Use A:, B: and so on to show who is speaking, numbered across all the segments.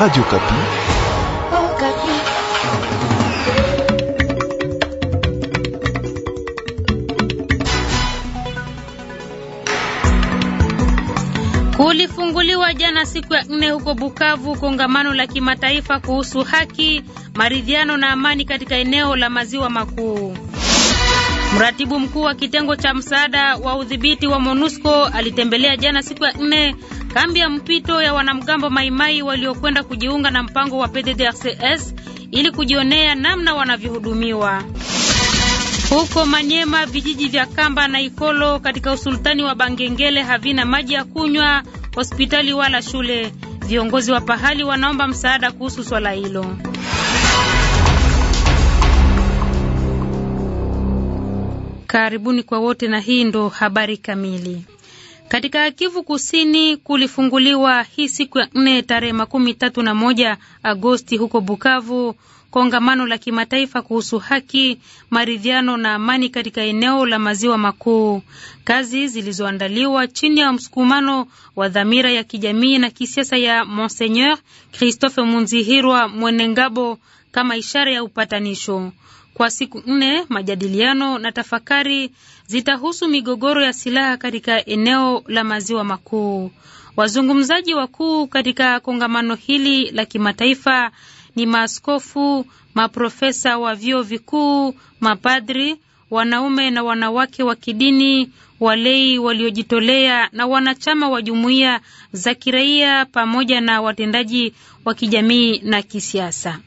A: Radio Kapi.
B: Oh, Kapi.
C: Kulifunguliwa jana siku ya nne huko Bukavu kongamano la kimataifa kuhusu haki, maridhiano na amani katika eneo la maziwa makuu. Mratibu mkuu wa kitengo cha msaada wa udhibiti wa MONUSCO alitembelea jana siku ya nne Kambi ya mpito ya wanamgambo Maimai waliokwenda kujiunga na mpango wa PDDRCS ili kujionea namna wanavyohudumiwa. Huko Manyema, vijiji vya Kamba na Ikolo katika usultani wa Bangengele havina maji ya kunywa, hospitali wala shule. Viongozi wa pahali wanaomba msaada kuhusu swala hilo. Karibuni kwa wote na hii ndo habari kamili. Katika Kivu Kusini kulifunguliwa hii siku ya nne tarehe makumi tatu na moja Agosti huko Bukavu kongamano la kimataifa kuhusu haki, maridhiano na amani katika eneo la maziwa makuu, kazi zilizoandaliwa chini ya msukumano wa dhamira ya kijamii na kisiasa ya Monseigneur Christophe Munzihirwa Mwenengabo kama ishara ya upatanisho. Kwa siku nne, majadiliano na tafakari zitahusu migogoro ya silaha katika eneo la maziwa makuu. Wazungumzaji wakuu katika kongamano hili la kimataifa ni maaskofu, maprofesa wa vyuo vikuu, mapadri, wanaume na wanawake wa kidini, walei waliojitolea na wanachama wa jumuiya za kiraia pamoja na watendaji wa kijamii na kisiasa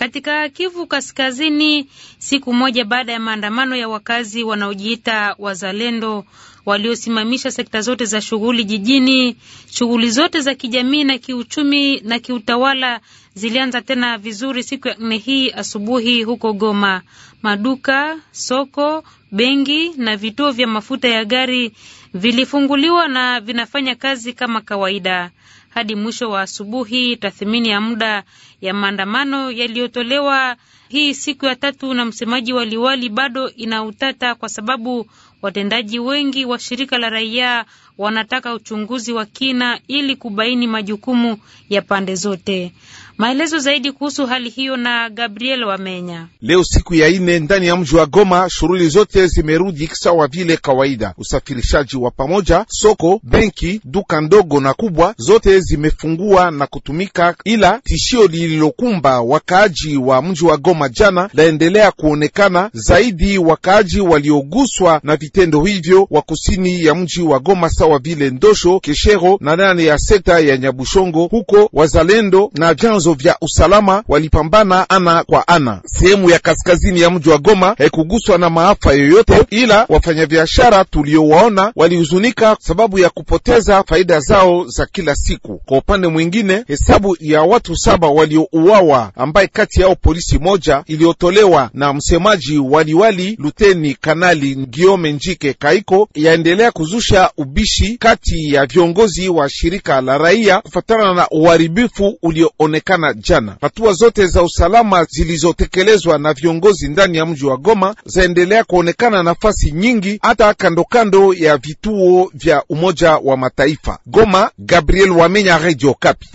C: katika Kivu Kaskazini, siku moja baada ya maandamano ya wakazi wanaojiita wazalendo waliosimamisha sekta zote za shughuli jijini. Shughuli zote za kijamii na kiuchumi na kiutawala zilianza tena vizuri siku ya nne hii asubuhi huko Goma. Maduka, soko, benki na vituo vya mafuta ya gari vilifunguliwa na vinafanya kazi kama kawaida hadi mwisho wa asubuhi tathmini ya muda ya maandamano yaliyotolewa hii siku ya tatu na msemaji wa liwali bado ina utata kwa sababu watendaji wengi wa shirika la raia wanataka uchunguzi wa kina ili kubaini majukumu ya pande zote. Maelezo zaidi kuhusu hali hiyo na Gabriel Wamenya.
A: Leo siku ya ine ndani ya mji wa Goma, shughuli zote zimerudi sawa vile kawaida. Usafirishaji wa pamoja, soko, benki, duka ndogo na kubwa zote zimefungua na kutumika, ila tishio lililokumba wakaaji wa mji wa Goma jana laendelea kuonekana zaidi. Wakaaji walioguswa na vitendo hivyo wa kusini ya mji wa Goma sawa sawa vile Ndosho, Keshero na nane ya sekta ya Nyabushongo. Huko wazalendo na vyanzo vya usalama walipambana ana kwa ana. Sehemu ya kaskazini ya mji wa Goma haikuguswa na maafa yoyote, ila wafanyabiashara tuliowaona walihuzunika sababu ya kupoteza faida zao za kila siku. Kwa upande mwingine, hesabu ya watu saba waliouawa, ambaye kati yao polisi moja, iliyotolewa na msemaji waliwali Luteni Kanali Ngiome Njike Kaiko, yaendelea kuzusha ubishi utatanishi kati ya viongozi wa shirika la raia kufatana na uharibifu ulioonekana jana. Hatua zote za usalama zilizotekelezwa na viongozi ndani ya mji wa Goma zaendelea kuonekana nafasi nyingi, hata kandokando ya vituo vya Umoja wa Mataifa. Goma, Gabriel Wamenya, Radio Kapi.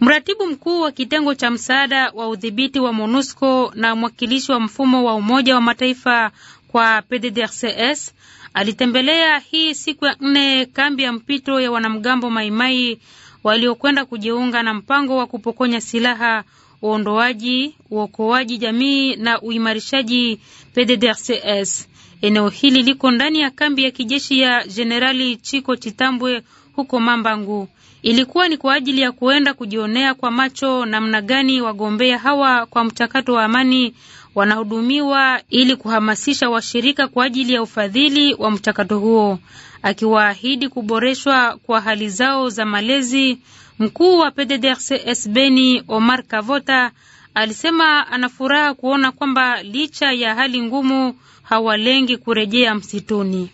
C: Mratibu mkuu wa kitengo cha msaada wa udhibiti wa MONUSCO na mwakilishi wa mfumo wa Umoja wa Mataifa kwa PDDRCS alitembelea hii siku ya nne kambi ya mpito ya wanamgambo Maimai waliokwenda kujiunga na mpango wa kupokonya silaha, uondoaji, uokoaji jamii na uimarishaji PDDRCS. Eneo hili liko ndani ya kambi ya kijeshi ya Jenerali Chiko Chitambwe huko Mambangu ilikuwa ni kwa ajili ya kuenda kujionea kwa macho namna gani wagombea hawa kwa mchakato wa amani wanahudumiwa ili kuhamasisha washirika kwa ajili ya ufadhili wa mchakato huo, akiwaahidi kuboreshwa kwa hali zao za malezi. Mkuu wa PDDRCS Beni Omar Kavota alisema anafuraha kuona kwamba licha ya hali ngumu hawalengi kurejea msituni.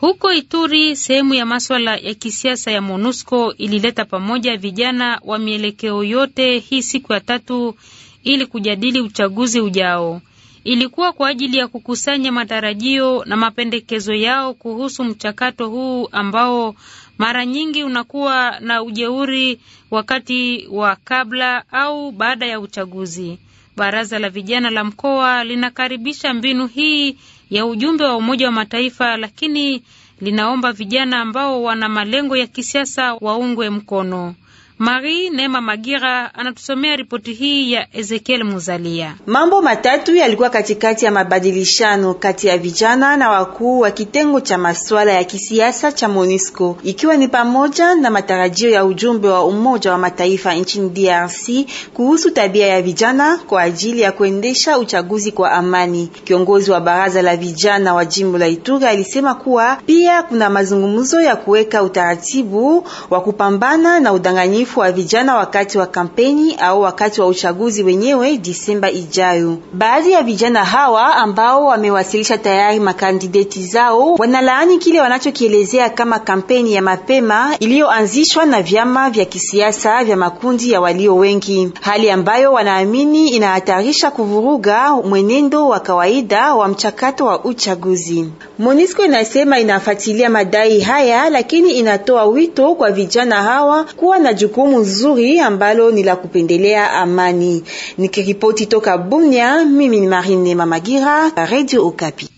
C: Huko Ituri, sehemu ya maswala ya kisiasa ya MONUSCO ilileta pamoja vijana wa mielekeo yote hii siku ya tatu ili kujadili uchaguzi ujao. Ilikuwa kwa ajili ya kukusanya matarajio na mapendekezo yao kuhusu mchakato huu ambao mara nyingi unakuwa na ujeuri wakati wa kabla au baada ya uchaguzi. Baraza la vijana la mkoa linakaribisha mbinu hii ya ujumbe wa Umoja wa Mataifa, lakini linaomba vijana ambao wana malengo ya kisiasa waungwe mkono. Marie Neema Magira anatusomea ripoti hii ya Ezekiel Muzalia.
D: Mambo matatu yalikuwa katikati ya mabadilishano kati ya vijana na wakuu wa kitengo cha masuala ya kisiasa cha MONUSCO, ikiwa ni pamoja na matarajio ya ujumbe wa Umoja wa Mataifa nchini DRC kuhusu tabia ya vijana kwa ajili ya kuendesha uchaguzi kwa amani. Kiongozi wa baraza la vijana wa jimbo la Ituri alisema kuwa pia kuna mazungumzo ya kuweka utaratibu wa kupambana na udanganyifu uhalifu wa vijana wakati wa kampeni au wakati wa uchaguzi wenyewe Disemba ijayo. Baadhi ya vijana hawa ambao wamewasilisha tayari makandideti zao wanalaani kile wanachokielezea kama kampeni ya mapema iliyoanzishwa na vyama vya kisiasa vya makundi ya walio wengi, hali ambayo wanaamini inahatarisha kuvuruga mwenendo wa kawaida wa mchakato wa uchaguzi. Monisco inasema inafuatilia madai haya, lakini inatoa wito kwa vijana hawa kuwa na jukumu jukumu nzuri ambalo ni la kupendelea amani. Nikiripoti toka Bunia, mimi ni Marine Mamagira, Radio Okapi.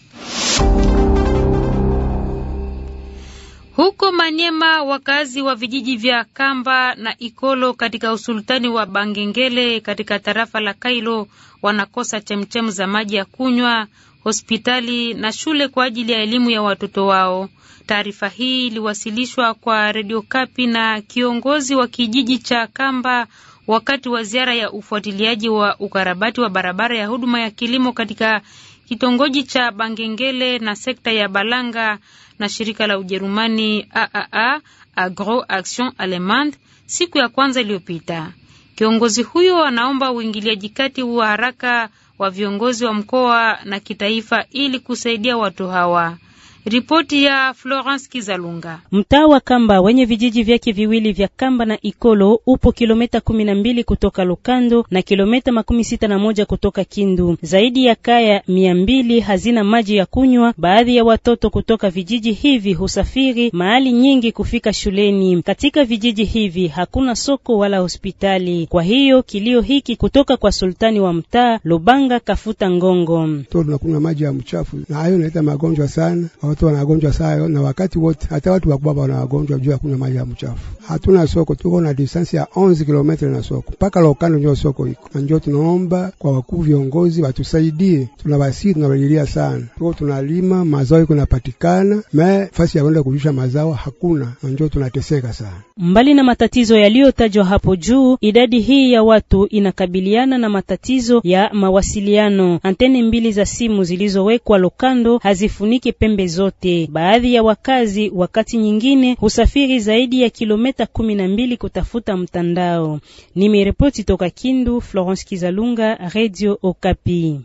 C: Huko Manyema, wakazi wa vijiji vya Kamba na Ikolo katika usultani wa Bangengele katika tarafa la Kailo wanakosa chemchem za maji ya kunywa, hospitali na shule kwa ajili ya elimu ya watoto wao. Taarifa hii iliwasilishwa kwa redio Kapi na kiongozi wa kijiji cha Kamba wakati wa ziara ya ufuatiliaji wa ukarabati wa barabara ya huduma ya kilimo katika kitongoji cha Bangengele na sekta ya Balanga na shirika la Ujerumani AAA Agro Action Allemande siku ya kwanza iliyopita. Kiongozi huyo anaomba uingiliaji kati wa haraka wa viongozi wa mkoa na kitaifa ili kusaidia watu hawa. Ripoti ya Florence Kizalunga.
E: Mtaa wa Kamba wenye vijiji vyake viwili vya Kamba na Ikolo upo kilomita kumi na mbili kutoka Lukando na kilomita makumi sita na moja kutoka Kindu. Zaidi ya kaya mia mbili hazina maji ya kunywa. Baadhi ya watoto kutoka vijiji hivi husafiri mahali nyingi kufika shuleni. Katika vijiji hivi hakuna soko wala hospitali. Kwa hiyo kilio hiki kutoka kwa sultani wa mtaa Lubanga Kafuta Ngongo,
B: tunakunywa maji ya mchafu na hayo inaleta magonjwa sana watu wana wagonjwa sayo na wakati wote, hata watu wakubwa wana wagonjwa juu ya kunywa maji ya mchafu. Hatuna soko, tuko na distansi ya 11 kilometre na soko mpaka Lokando ndio soko iko, na ndio tunaomba kwa wakuu viongozi watusaidie, tunawasii tunawalilia sana, tuko tunalima mazao iko napatikana me fasi ya kwenda kujusha mazao hakuna, na njo tunateseka sana.
E: Mbali na matatizo yaliyotajwa hapo juu, idadi hii ya watu inakabiliana na matatizo ya mawasiliano. Antene mbili za simu zilizowekwa Lokando hazifuniki pembe zote zote. Baadhi ya wakazi wakati nyingine husafiri zaidi ya kilomita kumi na mbili kutafuta mtandao. Nimeripoti toka Kindu, Florence Kizalunga, Radio Okapi.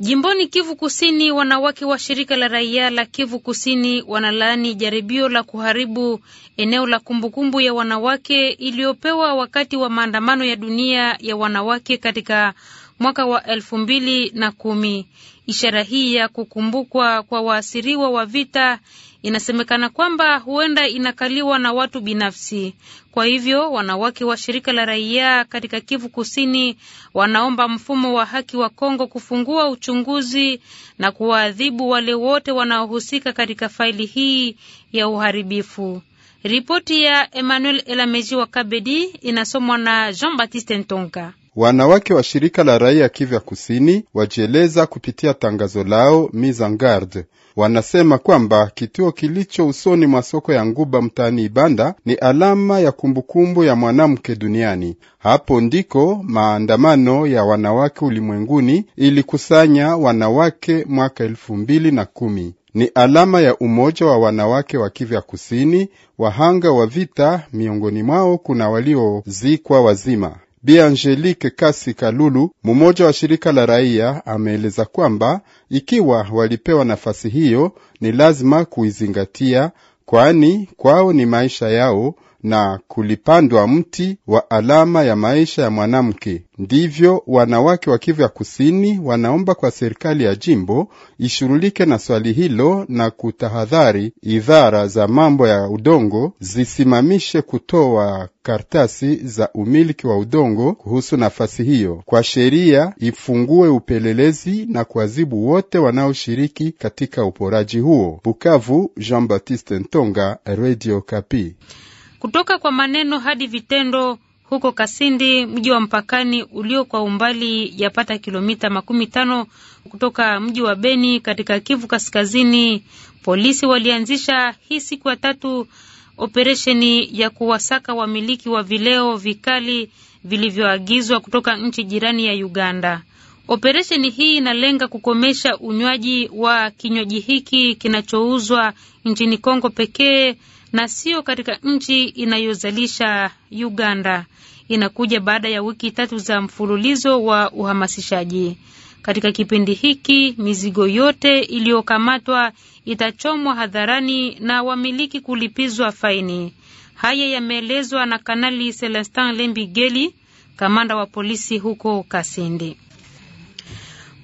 C: Jimboni Kivu Kusini, wanawake wa shirika la raia la Kivu Kusini wanalaani jaribio la kuharibu eneo la kumbukumbu ya wanawake iliyopewa wakati wa maandamano ya dunia ya wanawake katika mwaka wa elfu mbili na kumi. Ishara hii ya kukumbukwa kwa waasiriwa wa vita inasemekana kwamba huenda inakaliwa na watu binafsi. Kwa hivyo wanawake wa shirika la raia katika Kivu Kusini wanaomba mfumo wa haki wa Kongo kufungua uchunguzi na kuwaadhibu wale wote wanaohusika katika faili hii ya uharibifu. Ripoti ya Emmanuel Elameji wa Kabedi inasomwa na Jean Baptiste Ntonga.
B: Wanawake wa shirika la raia Kivya Kusini wajieleza kupitia tangazo lao Mizangard. Wanasema kwamba kituo kilicho usoni mwa soko ya Nguba mtaani Ibanda ni alama ya kumbukumbu ya mwanamke duniani. Hapo ndiko maandamano ya wanawake ulimwenguni ilikusanya wanawake mwaka elfu mbili na kumi ni alama ya umoja wa wanawake wa Kivya Kusini, wahanga wa vita. Miongoni mwao kuna waliozikwa wazima. Bi Angelique Kasi Kalulu, mmoja wa shirika la raia, ameeleza kwamba ikiwa walipewa nafasi hiyo ni lazima kuizingatia, kwani kwao ni maisha yao na kulipandwa mti wa alama ya maisha ya mwanamke. Ndivyo wanawake wa Kivu ya Kusini wanaomba kwa serikali ya jimbo ishughulike na swali hilo na kutahadhari idara za mambo ya udongo zisimamishe kutoa kartasi za umiliki wa udongo kuhusu nafasi hiyo. Kwa sheria ifungue upelelezi na kuadhibu wote wanaoshiriki katika uporaji huo. Bukavu, Jean Baptiste Ntonga, Radio Kapi.
C: Kutoka kwa maneno hadi vitendo, huko Kasindi, mji wa mpakani ulio kwa umbali yapata kilomita makumi tano kutoka mji wa Beni katika Kivu Kaskazini, polisi walianzisha hii siku ya tatu operesheni ya kuwasaka wamiliki wa vileo vikali vilivyoagizwa kutoka nchi jirani ya Uganda. Operesheni hii inalenga kukomesha unywaji wa kinywaji hiki kinachouzwa nchini Kongo pekee na sio katika nchi inayozalisha Uganda. Inakuja baada ya wiki tatu za mfululizo wa uhamasishaji. Katika kipindi hiki mizigo yote iliyokamatwa itachomwa hadharani na wamiliki kulipizwa faini. Haya yameelezwa na Kanali Celestin Lembigeli, kamanda wa polisi huko Kasindi.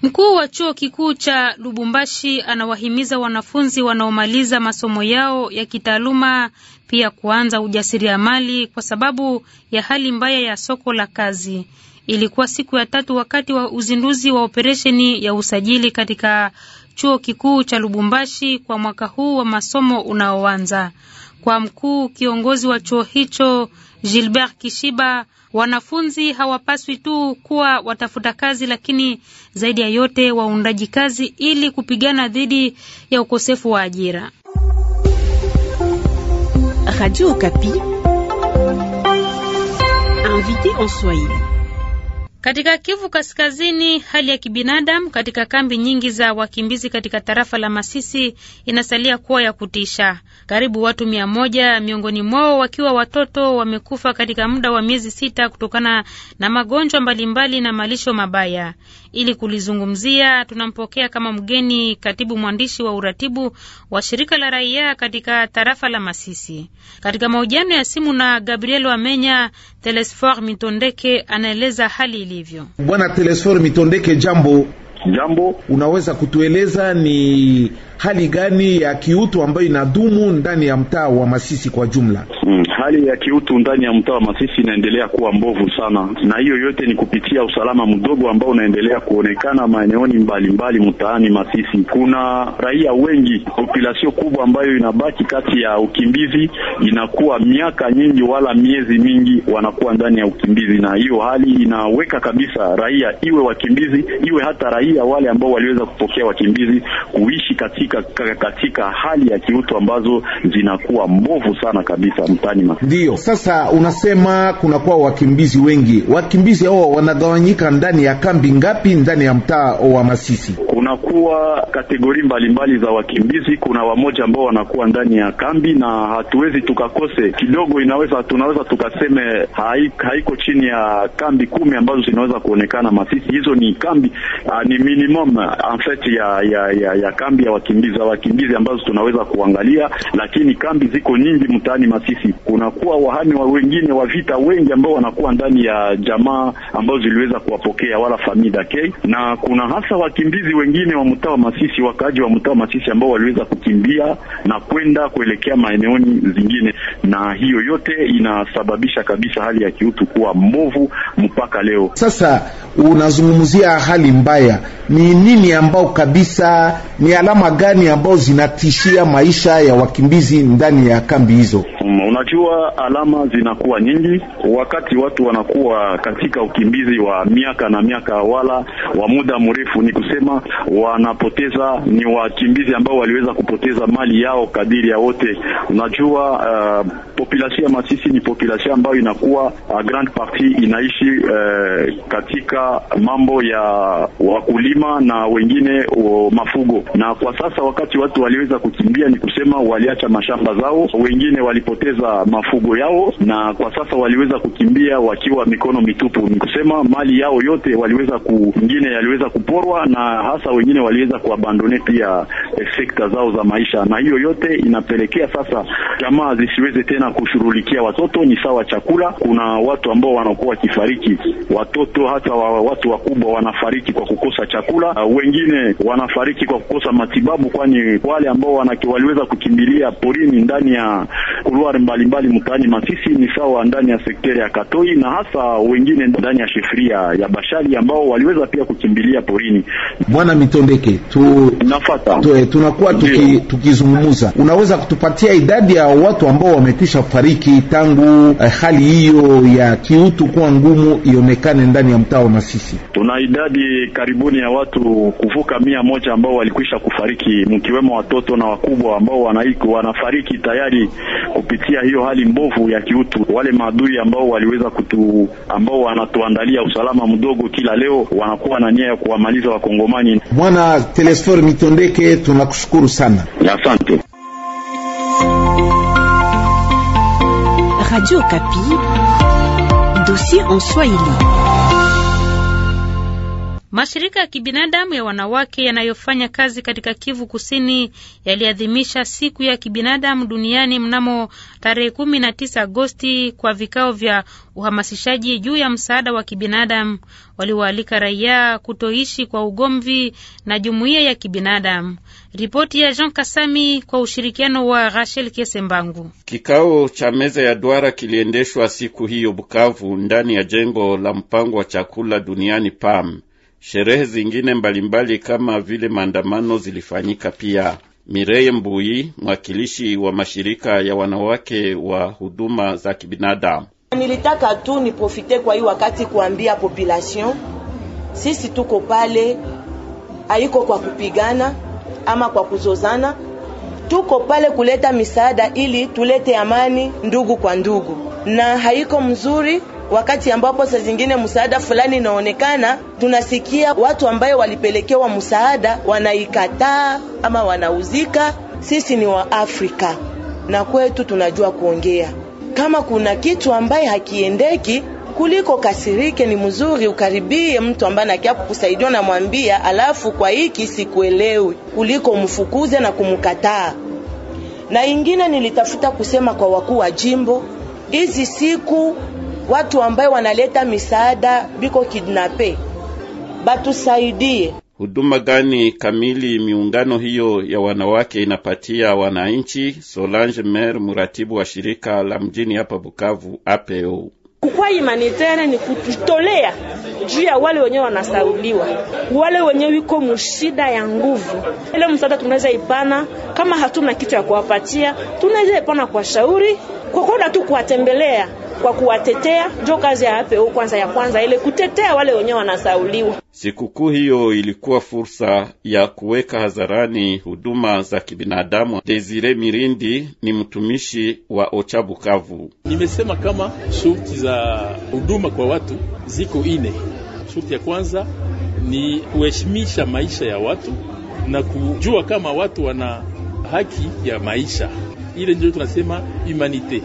C: Mkuu wa chuo kikuu cha Lubumbashi anawahimiza wanafunzi wanaomaliza masomo yao ya kitaaluma pia kuanza ujasiriamali kwa sababu ya hali mbaya ya soko la kazi. Ilikuwa siku ya tatu wakati wa uzinduzi wa operesheni ya usajili katika chuo kikuu cha Lubumbashi kwa mwaka huu wa masomo unaoanza. Kwa mkuu kiongozi wa chuo hicho Gilbert Kishiba, wanafunzi hawapaswi tu kuwa watafuta kazi, lakini zaidi ya yote waundaji kazi, ili kupigana dhidi ya ukosefu wa ajira.
E: Radio Okapi invité en Swahili
C: katika Kivu Kaskazini, hali ya kibinadamu katika kambi nyingi za wakimbizi katika tarafa la Masisi inasalia kuwa ya kutisha. Karibu watu mia moja, miongoni mwao wakiwa watoto, wamekufa katika muda wa miezi sita kutokana na magonjwa mbalimbali na malisho mabaya. Ili kulizungumzia, tunampokea kama mgeni katibu mwandishi wa uratibu wa shirika la raia katika tarafa la Masisi. Katika mahojiano ya simu na Gabriel Wamenya, Telesfor Mitondeke anaeleza hali vilivyo.
A: Bwana Telesfor Mitondeke, jambo. Jambo, unaweza kutueleza ni hali gani ya kiutu ambayo inadumu ndani ya mtaa wa Masisi kwa jumla?
F: Mm, hali ya kiutu ndani ya mtaa wa Masisi inaendelea kuwa mbovu sana, na hiyo yote ni kupitia usalama mdogo ambao unaendelea kuonekana maeneoni mbalimbali mtaani Masisi. Kuna raia wengi, populasio kubwa ambayo inabaki kati ya ukimbizi, inakuwa miaka nyingi wala miezi mingi wanakuwa ndani ya ukimbizi, na hiyo hali inaweka kabisa raia, iwe wakimbizi, iwe hata raia wale ambao waliweza kupokea wakimbizi, kuishi katika katika hali ya kiutu ambazo zinakuwa mbovu sana kabisa mtani ma.
A: sasa unasema kunakuwa wakimbizi wengi. Wakimbizi hao wanagawanyika ndani ya kambi ngapi ndani ya mtaa wa Masisi?
F: Kunakuwa kategori mbalimbali za wakimbizi. Kuna wamoja ambao wanakuwa ndani ya kambi, na hatuwezi tukakose kidogo, inaweza tunaweza tukaseme haiko, haiko chini ya kambi kumi ambazo zinaweza kuonekana Masisi. Hizo ni kambi a, ah, ni minimum ah, en fait ya, ya, ya, ya kambi ya wakimbizi za wakimbizi ambazo tunaweza kuangalia, lakini kambi ziko nyingi mtaani Masisi. Kunakuwa wahami wa wengine wa vita wengi ambao wanakuwa ndani ya jamaa ambazo ziliweza kuwapokea wala famida k na kuna hasa wakimbizi wengine wa mtaa wa Masisi, wakaaji wa mtaa wa Masisi ambao waliweza kukimbia na kwenda kuelekea maeneoni zingine, na hiyo yote inasababisha kabisa hali ya kiutu kuwa mbovu mpaka leo.
A: Sasa unazungumzia hali mbaya, ni nini ambao kabisa ni alama gani gani ambao zinatishia maisha ya wakimbizi ndani ya kambi hizo?
F: Unajua, alama zinakuwa nyingi wakati watu wanakuwa katika ukimbizi wa miaka na miaka, wala wa muda mrefu. Ni kusema wanapoteza, ni wakimbizi ambao waliweza kupoteza mali yao kadiri ya wote. Unajua, uh, population ya Masisi ni population ambayo inakuwa uh, grand party inaishi uh, katika mambo ya wakulima na wengine uh, mafugo, na kwa sasa wakati watu waliweza kukimbia, ni kusema waliacha mashamba zao, wengine walipoteza mafugo yao, na kwa sasa waliweza kukimbia wakiwa mikono mitupu. Ni kusema mali yao yote waliweza ku, wengine yaliweza kuporwa, na hasa wengine waliweza kuabandone pia eh, sekta zao za maisha, na hiyo yote inapelekea sasa jamaa zisiweze tena kushughulikia watoto ni sawa chakula. Kuna watu ambao wanakuwa wakifariki, watoto hata wa, watu wakubwa wanafariki kwa kukosa chakula. Ah, wengine wanafariki kwa kukosa matibabu, kwani wale ambao waliweza kukimbilia porini ndani ya kuluari mbalimbali mtaani Masisi ni sawa ndani ya sekteri ya Katoi na hasa wengine ndani ya shefria ya Bashali ambao waliweza pia kukimbilia porini. Bwana Mitondeke tu, nafata tu,
A: eh, tunakuwa tuki, tukizungumza, unaweza kutupatia idadi ya watu ambao wamekwisha fariki tangu eh, hali hiyo ya kiutu kuwa ngumu ionekane ndani ya mtaa wa Masisi?
F: Tuna idadi karibuni ya watu kuvuka mia moja ambao walikwisha kufariki mkiwemo watoto na wakubwa ambao wanaiku, wanafariki tayari kupitia kupitia hiyo hali mbovu ya kiutu, wale maadui ambao waliweza kutu, ambao wanatuandalia usalama mdogo kila leo, wanakuwa na nia ya kuwamaliza Wakongomani.
A: Mwana Telesfor Mitondeke, tunakushukuru sana, asante.
E: Radio Kapi, dossier en Swahili.
C: Mashirika ya kibinadamu ya wanawake yanayofanya kazi katika Kivu Kusini yaliadhimisha siku ya kibinadamu duniani mnamo tarehe kumi na tisa Agosti kwa vikao vya uhamasishaji juu ya msaada wa kibinadamu. Waliwaalika raia kutoishi kwa ugomvi na jumuiya ya kibinadamu. Ripoti ya Jean Kasami kwa ushirikiano wa Rachel Kesembangu.
G: Kikao cha meza ya duara kiliendeshwa siku hiyo Bukavu, ndani ya jengo la mpango wa chakula duniani PAM. Sherehe zingine mbalimbali kama vile maandamano zilifanyika pia. Mireye mbui mwakilishi wa mashirika ya wanawake wa huduma za kibinadamu:
H: nilitaka tu niprofite kwa hii wakati kuambia population sisi tuko pale, haiko kwa kupigana ama kwa kuzozana, tuko pale kuleta misaada ili tulete amani ndugu kwa ndugu, na haiko mzuri wakati ambapo saa zingine msaada fulani inaonekana, tunasikia watu ambaye walipelekewa msaada wanaikataa ama wanauzika. Sisi ni wa Afrika na kwetu tunajua kuongea. Kama kuna kitu ambaye hakiendeki kuliko kasirike, ni mzuri ukaribie mtu ambaye anakia kukusaidia na mwambia, alafu kwa hiki sikuelewi, kuliko mfukuze na kumkataa. Na ingine nilitafuta kusema kwa wakuu wa jimbo, hizi siku watu ambayo wanaleta misaada biko kidnape, batusaidie.
G: Huduma gani kamili miungano hiyo ya wanawake inapatia wananchi? Solange Mer, mratibu wa shirika la mjini hapa Bukavu, APO.
E: Kukwa humanitaire ni kututolea juu ya wale wenyewe wanasauliwa, wale wenyewe wiko mushida ya nguvu. Ile msaada tunaweza ipana, kama hatuna kitu ya kuwapatia, tunaweza ipana kwa shauri, kwa kwenda tu kuwatembelea kwa kuwatetea, njo kazi ya APO kwanza ya kwanza ile kutetea wale wenyewe wanasauliwa.
G: Sikukuu hiyo ilikuwa fursa ya kuweka hadharani huduma za kibinadamu. Desire Mirindi ni mtumishi wa Ocha Bukavu.
F: Nimesema kama shurti za huduma kwa watu ziko ine. Shurti ya kwanza ni kuheshimisha maisha ya watu na kujua kama watu wana haki ya maisha, ile ndio tunasema humanite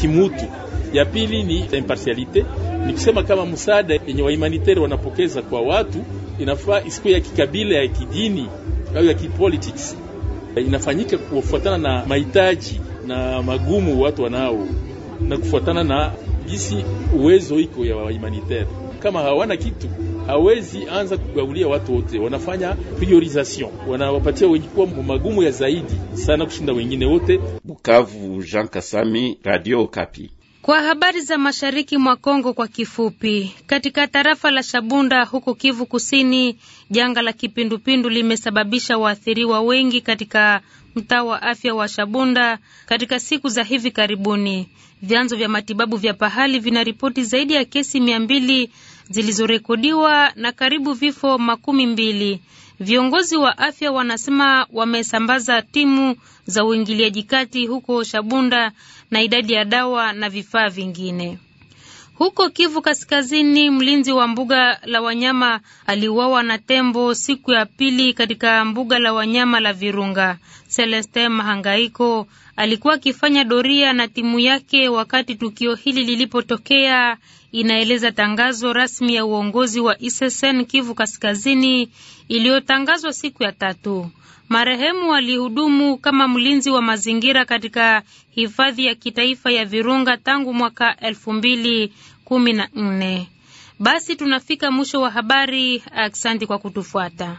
F: kimutu ya pili ni impartialite, kusema kama msaada yenye wahumanitari wanapokeza kwa watu inafaa isikuwe ya kikabila, ya kidini au ya kipolitics. Inafanyika kufuatana na mahitaji na magumu watu wanao na kufuatana na gisi uwezo iko ya wahumanitari. Kama hawana kitu hawezi anza kugaulia watu wote, wanafanya priorisation, wanawapatia wenye kuwa magumu ya zaidi sana kushinda wengine wote. Bukavu, Jean Kasami,
G: Radio Kapi.
C: Kwa habari za mashariki mwa Kongo kwa kifupi, katika tarafa la Shabunda huko Kivu Kusini, janga la kipindupindu limesababisha waathiriwa wengi katika mtaa wa afya wa Shabunda katika siku za hivi karibuni. Vyanzo vya matibabu vya pahali vinaripoti zaidi ya kesi mia mbili zilizorekodiwa na karibu vifo makumi mbili. Viongozi wa afya wanasema wamesambaza timu za uingiliaji kati huko Shabunda na idadi ya dawa na vifaa vingine. Huko Kivu Kaskazini, mlinzi wa mbuga la wanyama aliuawa na tembo siku ya pili katika mbuga la wanyama la Virunga. Celeste Mahangaiko alikuwa akifanya doria na timu yake wakati tukio hili lilipotokea, inaeleza tangazo rasmi ya uongozi wa SSN Kivu Kaskazini iliyotangazwa siku ya tatu. Marehemu alihudumu kama mlinzi wa mazingira katika hifadhi ya kitaifa ya Virunga tangu mwaka elfu mbili kumi na nne. Basi tunafika mwisho wa habari. Asante kwa kutufuata.